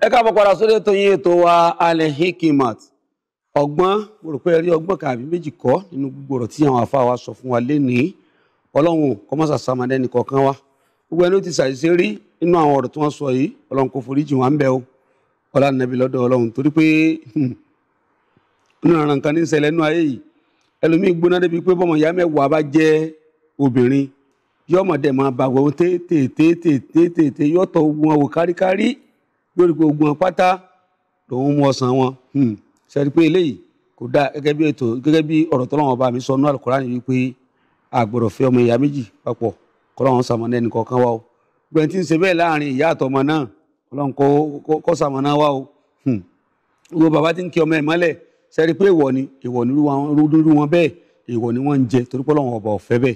ẹ káàbọ̀ padà sórí ètò yín ètò wa Al-Hikmat ọgbọ́n mo rò pé ẹ rí ọgbọ́n kàbí méjì kọ́ nínú gbogbo ọ̀rọ̀ tí àwọn afáwa sọ fún wa lénìí ọlọ́run kọ́mọ́sà sàmàdé nìkọ̀ọ̀kan wa gbogbo ẹni ó ti ṣàṣìṣe rí nínú àwọn ọ̀rọ̀ tí wọ́n sọ yìí ọlọ́run kò foríjì wá ń bẹ o ọlá nàbí lọ́dọ̀ ọlọ́run torí pé hmm, nínú ọ̀ràn nǹkan ní ìṣẹ̀lẹ̀ nínú ayé yìí ẹlòmíín gbóná débi pé bọ́mọ ìyá mẹ́wàá bá jẹ́ obìnrin yọmọdé máa bàgbọ́ tètè tètè tètè yọ̀tọ̀ wọn wò káríkárí lórí pé ogun pátá lòun mú ọsàn wọn hmm. ṣẹ́ni pé eléyìí kò dáa gẹ́gẹ́ bí ètò gẹ́gẹ́ bí ọ̀rọ̀ tọ́lọ́wọ́n bá mi sọ nínú Al-Kùránì wípé àgbọ̀dọ̀ fẹ́ ọmọ ìyá méjì papọ̀ kọ́lọ́wọ́n sàmọ́nà ẹnì kọ̀ọ̀kan wa o gbẹ̀n tí ń ṣe bẹ́ẹ̀ láàrin ìyá àtọmọ náà ọlọ́run kọ́ sàmọ́nà wa o wo hmm. bàbá tí ń kí ọmọ ẹ̀ mọ́lẹ̀ ṣẹ́ni pé ìwọ ni ìwọ ni rúdúrú wọn bẹ́ẹ̀ ìwọ ni wọ́n ń jẹ torí pọ́lọ́wọ́n ọba ọ̀fẹ́ bẹ́ẹ̀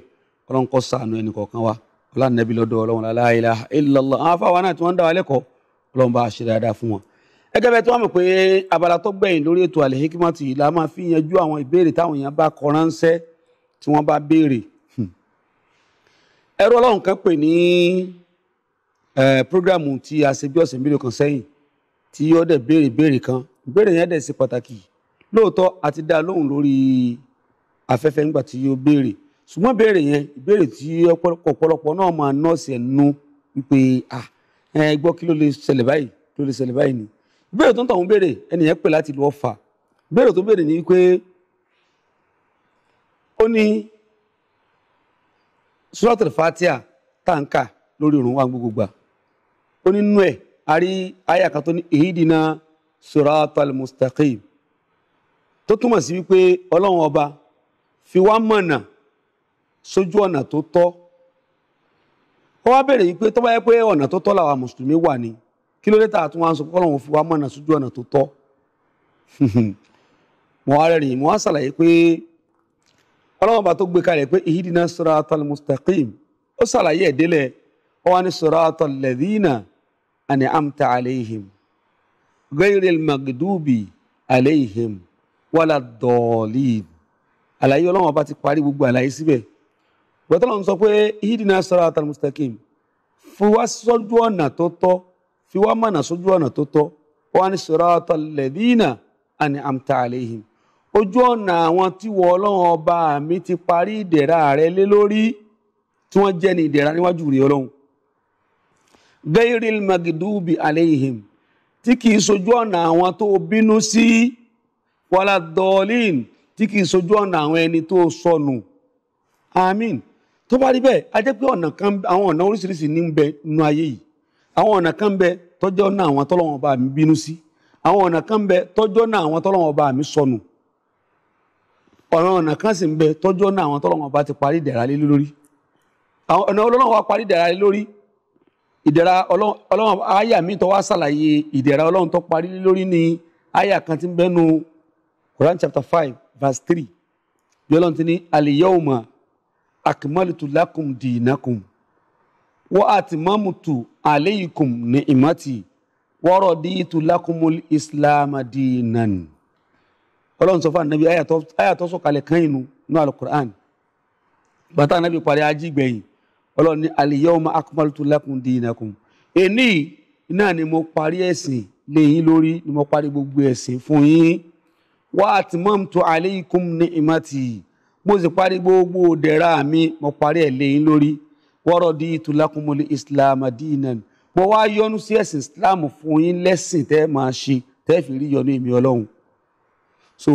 ọlọ́run kọ́ sàánú ẹnì kọ̀ọ̀kan wa ọlá ọlọ́run bá ṣe dáadáa fún wọn. ẹgẹ́ bẹ́ẹ̀ tí wọ́n mọ̀ pé abala tó gbẹ̀yìn lórí ètò Al-Hikmat yìí la máa fi yanjú àwọn ìbéèrè táwọn èèyàn bá kọ ránṣẹ́ tí wọ́n bá béèrè. Hmm. ẹrú ọlọ́run kan pè ní programu tí a ṣe bí ọ̀sẹ̀ mélòó kan sẹ́yìn tí ó dẹ̀ béèrè béèrè kan béèrè yẹn dẹ̀ ṣe pàtàkì lóòótọ́ àti dá lóhùn lórí afẹ́fẹ́ ńgbà tí ó béèrè ṣùgbọ́n béèrè yẹn ìbéèrè tí ọ̀pọ̀lọpọ̀ náà máa nọ́ọ̀sì ẹ̀ wípé ah ẹ gbọ́ kí ló lè ṣẹlẹ̀ báyìí ló lè ṣẹlẹ̀ báyìí ni ìbéèrè tó ń tọ̀hún béèrè ẹnìyẹn pè láti lu ọ̀fà ìbéèrè tó béèrè ni pé ó ní suratul fatia tá à ń kà lórí òrùn wa gbogbo gbà ó ní nú ẹ̀ a rí àyà kan tó ní ihdina suratal mustaqim tó túmọ̀ sí wípé ọlọ́run ọba fi wá mọ̀nà sójú ọ̀nà tó tọ́ ó wá bèrè yìí pé tó bá yẹ pé ọ̀nà tó tọ́ làwa mùsùlùmí wà ni kí ló dé tá a tún wá ń sọ kọ́ lọ́wọ́ fi wá mọ̀nà sójú ọ̀nà tó tọ́ mo wá rẹ́rìn mo wá ṣàlàyé pé ọlọ́wọ́n bá tó gbé kalẹ̀ pé ihidina siratal mustaqim ó ṣàlàyé ẹ̀dẹ́lẹ̀ ó wá ní siratal ladhina an'amta alayhim ghayril maghdubi alayhim wala ddallin àlàyé ọlọ́wọ́n bá ti parí gbogbo àlàyé síbẹ̀ gbọ́tọ́lọ́ ń sọ pé ihidina siratal mustaqim fi wá sójú ọ̀nà tó tọ́ fi wá mọ̀nà sójú ọ̀nà tó tọ́ wọ́n ní siratal ladina an'amta alayhim ojú ọ̀nà àwọn tí wọ ọlọ́run ọba mi ti parí ìdẹ̀ra rẹ lé lórí tí wọ́n jẹ́ ní ìdẹ̀ra níwájú rẹ ọlọ́run gayril magdubi alayhim tí kìí sojú ọ̀nà àwọn tó bínú sí wàlá dọ́ọ̀lìn tí kìí sojú ọ̀nà àwọn ẹni tó sọnù àmín. tó bá rí bẹ́ẹ̀ a jẹ́ pé ọ̀nà kan àwọn ọ̀nà oríṣiríṣi ní bẹ nínú ayé yìí àwọn ọ̀nà kan bẹ tọ́jọ́ náà àwọn tọ́lọ́wọ́n bá mi bínú sí àwọn ọ̀nà kan bẹ tọ́jọ́ mi sọnù ọ̀nà ọ̀nà kan sì ń bẹ tọ́jọ́ náà àwọn tọ́lọ́wọ́n bá ti parí ìdẹ̀ra wa parí ìdẹ̀ra lé lórí ìdẹ̀ra ọlọ́wọ́n àyà mi tó wá ìdẹ̀ra ọlọ́wọ́n tó parí kan ti bẹ́nu Quran chapter five verse three bí ọlọ́run akmaltu lakum dinakum wa atmamtu alaykum ni'mati wa raditu lakumul islam dinan Ọlọ́run sọ fún anabi ayatọ sọ̀kalẹ̀ kan inú ní alukur'an bàtà anabi parí ají gbẹ̀yìn Ọlọ́run ní aliyawma akmaltu lakum dinakum èní náà ni mo parí ẹ̀sìn lẹ́yìn lórí ni mo parí gbogbo ẹ̀sìn fún yín wa atmamtu alaykum ni'mati mo sì parí gbogbo òdẹ̀ra mi mo parí ẹ̀ lé yín lórí wọ́rọ̀ di ìtùlákùnmọ́lé islam adínan mo wá yọ́nú sí ẹ̀sìn islam fún yín lẹ́sìn tẹ́ máa ṣe tẹ́ fi rí yọ́nú èmi ọlọ́run so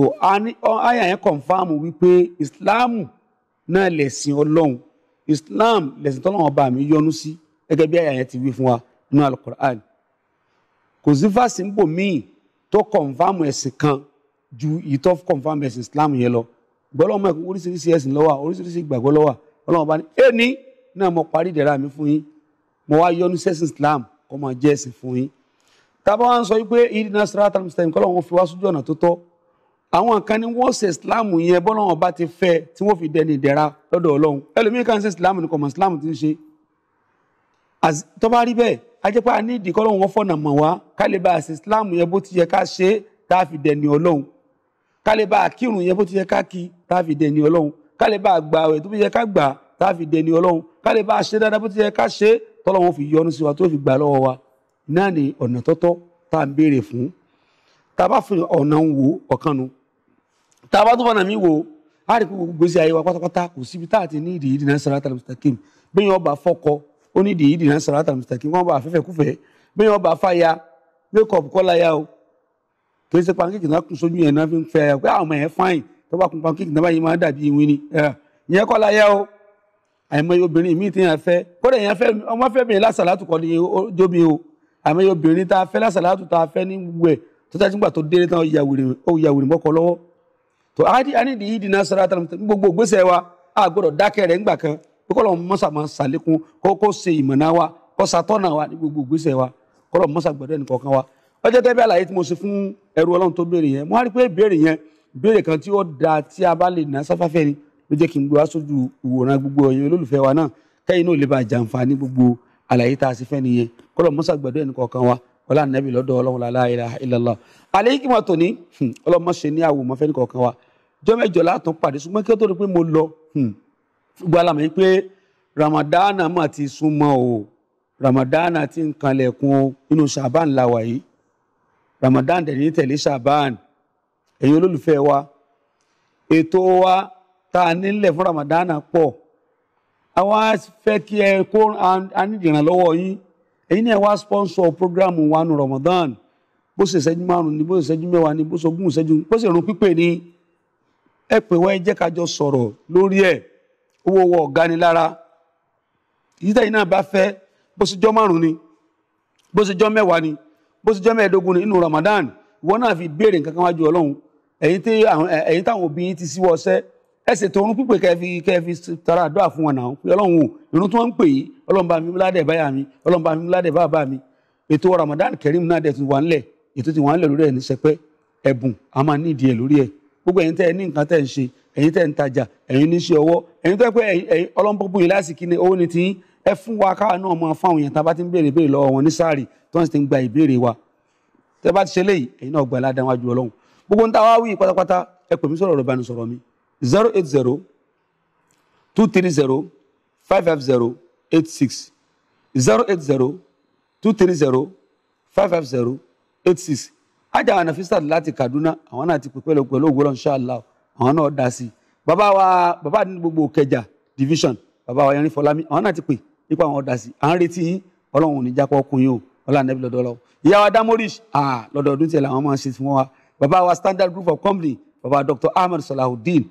àyà yẹn kọ̀nfàmù wípé islam náà lẹ̀sìn ọlọ́run islam lẹ̀sìn tọ́lọ́run bá mi yọ́nú sí gẹ́gẹ́ bí àyà yẹn ti wí fún wa nínú alukur'an kò sí fásitì míì tó kọ̀nfàmù ẹ̀sìn kan ju ìtọ́ kọ̀nfàmù ẹ̀sìn islam yẹn lọ gbọ́lọ́mọ ẹ̀kún oríṣiríṣi ẹ̀sìn lọ́wọ́ oríṣiríṣi ìgbàgbọ́ lọ́wọ́ ọlọ́run bá ní ẹni náà mo parí ìdẹ̀ra mi fún yín mo wá yọ́nú sẹ́sìn Islam kó máa jẹ́ ẹ̀sìn fún yín tábà wá ń sọ wípé ìdínà siratal mustaqim kọ́ lọ́wọ́ fi wá sójú ọ̀nà tó tọ́ àwọn kan ní wọ́n ṣe Islam yẹn bọ́lọ́run bá ti fẹ́ tí wọ́n fi dẹni ìdẹ̀ra lọ́dọ̀ ọlọ́run ẹlòmíín kan ṣe Islam ní kọ̀mọ̀ Islam ti ń ṣe tó bá rí a jẹ́ pé a ní ìdí kọ́ lọ́wọ́ fọ̀nà mọ̀ wá ká lè tá a kálíbà kírun yẹn bó ti yẹ ká kí táàfi dẹni ọlọ́run kálíbà gba ọ̀rẹ́ tó fi yẹ ká gbà táàfi dẹni ọlọ́run kálíbà ṣe dáadáa bó ti yẹ ká ṣe tọ́lọ́run fi yọ́nú sí wa tó fi gbà lọ́wọ́ wa náà ni ọ̀nà tọ́tọ́ tá à ń béèrè fún tá a bá fi ọ̀nà ń wo ọ̀kan nu tá a bá tó fọ̀nà mi wo a rí gbogbo gbèsè ayé wa pátápátá kò síbi tá a ti ní ìdí ìdìnnà sàrátà kì í ṣe pancake náà kún sójú yẹn náà fi ń fẹ́ pé àwọn ọmọ yẹn fáìn tó bá kún pancake náà báyìí máa dàbí ìwé ni ìyẹn kọ́ láyé o àìmọye obìnrin míì tí yẹn fẹ́ kódà yẹn fẹ́ ọmọ fẹ́ bìnrin lásàlátù kọ́ ni jóbi o àìmọye obìnrin tá a fẹ́ lásàlátù tá a fẹ́ ní gbogbo ẹ̀ tó tẹ́tí gbà tó délé tán ó ya wèrè mọ́kọ lọ́wọ́ tó di yìí dìnnà sọ́ra gbogbo ògbésẹ̀ wa a gbọ́dọ̀ dákẹ́ rẹ̀ ńgbà kan kọlọ mọsa ma ṣàlékún kó kó ṣe ìmọ̀nà wa kó ṣàtọ́nà wa ní gbogbo ìgbésẹ̀ wa kọlọ mọsa gbọ́dọ̀ ẹnì kọ̀ọ̀kan wa ọjọ́ tẹ́bí àlàyé tí mo ṣe fún ẹrú ọlọ́run tó béèrè yẹn mo wá rí pé béèrè yẹn béèrè kan tí ó da tí a bá lè ná sáfáfẹ́ ni ló jẹ́ kí n gbé wá sójú ìwòran gbogbo ẹ̀yin olólùfẹ́ wa náà kẹ́yìn náà lè bá jàǹfààní gbogbo àlàyé tá a ṣe fẹ́ nìyẹn kọ́lọ̀ mọ́sá gbẹ̀dọ̀ ẹnì kọ̀ọ̀kan wa ọlá nàbì lọ́dọ̀ ọlọ́run lálá ilaha hmm, hmm, ramadana ti súnmọ́ inú ṣàbá ńlá wà Ramadan dẹ̀ ní tẹ̀lé Shaban ẹ̀yin olólùfẹ́ wa ètò wa tá a fún Ramadan pọ̀ àwa fẹ́ kí ẹ kó anídìrànlọ́wọ́ yín ẹ̀yin náà wá sponsor program wa nu Ramadan bó ṣe ìṣẹ́jú márùn-ún ni bó ṣe ìṣẹ́jú mẹ́wàá ni bó ṣe ogún ìṣẹ́jú bó ṣe ìrun pípé ni ẹ pè wá ẹ jẹ́ ká jọ sọ̀rọ̀ lórí ẹ̀ owó wọ ọ̀gá ni lára yíyá yìí náà bá fẹ́ bó ṣe jọ́ márùn ni bó ṣe jọ́ mẹ́wàá ni bó ti jẹ́ mẹ́ẹ̀ẹ́dógún nínú Ramadan ìwọ náà fi béèrè nǹkan kan wájú Ọlọ́run ẹ̀yin táwọn òbí yín ti síwọ́ ọsẹ́ ẹ ṣètò orun pípé kẹfì kẹfì tara àdúrà fún wọn náà pé Ọlọ́run o ìrun tí wọ́n ń pè yí Ọlọ́run bá mi ládẹ̀ báyà mi Ọlọ́run bá mi ládẹ̀ bàbá mi ètò Ramadan Kareem náà dẹ̀ ti wà ńlẹ̀ ètò ti wà ńlẹ̀ lórí ẹ̀ ní sẹpẹ́ ẹ̀bùn a máa ní ìdí ẹ̀ lórí ẹ̀ gbogbo ẹ̀yin tẹ́ ẹ ní nǹkan tẹ́ ń ṣe ẹ̀yin tẹ́ ń tajà ẹ fún wa káwa náà mọ fáwọn èèyàn tá a bá ti ń béèrè béèrè lọ́wọ́ wọn ní sáàrì tí wọ́n sì ti ń gba ìbéèrè wa tẹ́ bá ti ṣe léyìí ẹ̀yin náà gba aládàá wájú ọlọ́run gbogbo ń ta wá wí pátápátá ẹ pè mí sọ̀rọ̀ ọ̀rọ̀ ìbánisọ̀rọ̀ mi zero eight zero two three zero five five zero eight six zero eight zero two three zero five five zero eight six ajá àwọn ànàfíìsà láti Kaduna àwọn náà ti pèpè lọ pẹ̀lú ògbólọ̀ ṣáàlá àwọn náà dá sí bàbá wa bàbá ní gbogbo Ìkẹjà division bàbá wa Yẹrin Fọlámi àwọn náà ti pè nípa àwọn ọ̀dà sí à ń retí yín ọlọ́run ò ní jápọ̀ kún yín o ọlọ́run nẹ́bí lọ́dọ̀ ọlọ́run ìyá wa damorish lọ́dọọdún tiẹ̀ làwọn máa ń ṣe fún wa bàbá wa standard group of company bàbá dr ahmed salahudeen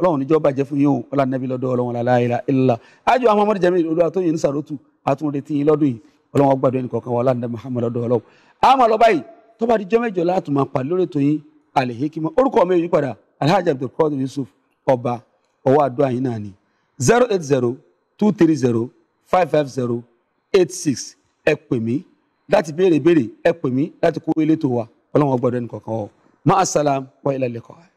ọlọ́run níjọ́ bàjẹ́ fún yín o ọlọ́run nẹ́bí lọ́dọ̀ ọlọ́run aláìlá ilá àjọ àwọn ọmọdé jẹ́mi olúwa tó yẹn ní sàrótù àtún retí yín lọ́dún yìí ọlọ́run ọgbàdo ẹnì kọ̀ọ̀kan wa ọlọ́run nẹ́bí muhammed lọ́dọ̀ ọlọ́run àmọ́ lọ́ba yìí tó bá di jọ́ mẹ́jọ láti máa pàdé lórí ètò yín alihikima orúkọ mi yìí padà alhaji abdulkadir yusuf ọba ọwọ́ àdúrà yín náà ni zero eight zero two three five five zero eight six ẹ pè mí láti béèrè béèrè ẹ pè mí láti kó elétò wa ọlọ́run ọgbọ́dọ̀ ẹnì kọ̀ọ̀kan ọ máa salam wa ilẹ̀ lẹ́kọ̀ọ́.